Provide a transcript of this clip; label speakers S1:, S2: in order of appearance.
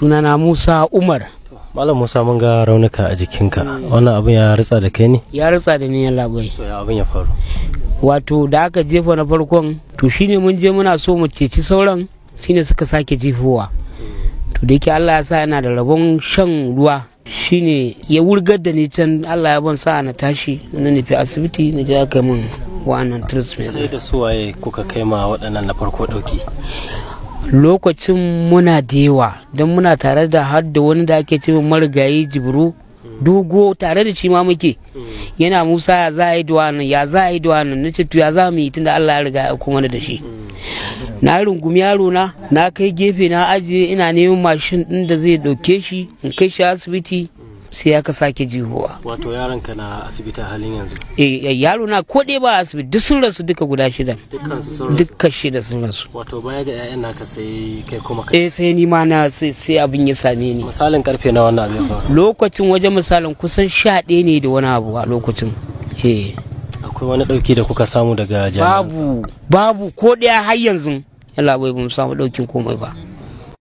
S1: tunana musa umar
S2: malam musa mun ga raunuka a jikinka wannan abin ya ritsa da kai ne
S1: ya ritsa da ni ya labai to ya abin ya faru wato da aka jefa na farkon to shine mun je muna so mu ceci sauran shine suka sake jefowa to da yake Allah ya sa yana da rabon shan ruwa shine ya wurgar da ni can Allah ya ban sa na tashi na nufi asibiti na je aka min wa'annan treatment
S2: da suwaye kuka
S1: kai ma waɗannan na farko ɗauki lokacin muna da yawa don muna tare da har da wani da ake cewa marigayi jibru dogo tare da shi ma muke yana musa ya za a yi duwanan ya za a yi duwanan na ce ya za mu yi tunda allah ya riga ya kuma da shi na rungumi yaro na na kai gefe na ajiye ina neman mashin din da zai dauke shi in kai shi asibiti sai aka sake jihuwa.
S2: wato yaron ka na asibiti a halin yanzu
S1: eh, eh yaro na ko dai ba asibiti duk sun rasu duka guda shida dukkan shida sun rasu
S2: wato baya ga ƴaƴan naka sai kai kuma kai eh
S1: sai ni ma na sai abin ya same ni misalin karfe na wannan abin fa. lokacin wajen misalin kusan sha ɗaya ne da wani abu a lokacin eh
S2: akwai wani ɗauki da
S1: kuka samu daga jami'a babu babu ko ɗaya har yanzu Allah bai mu samu ɗaukin komai ba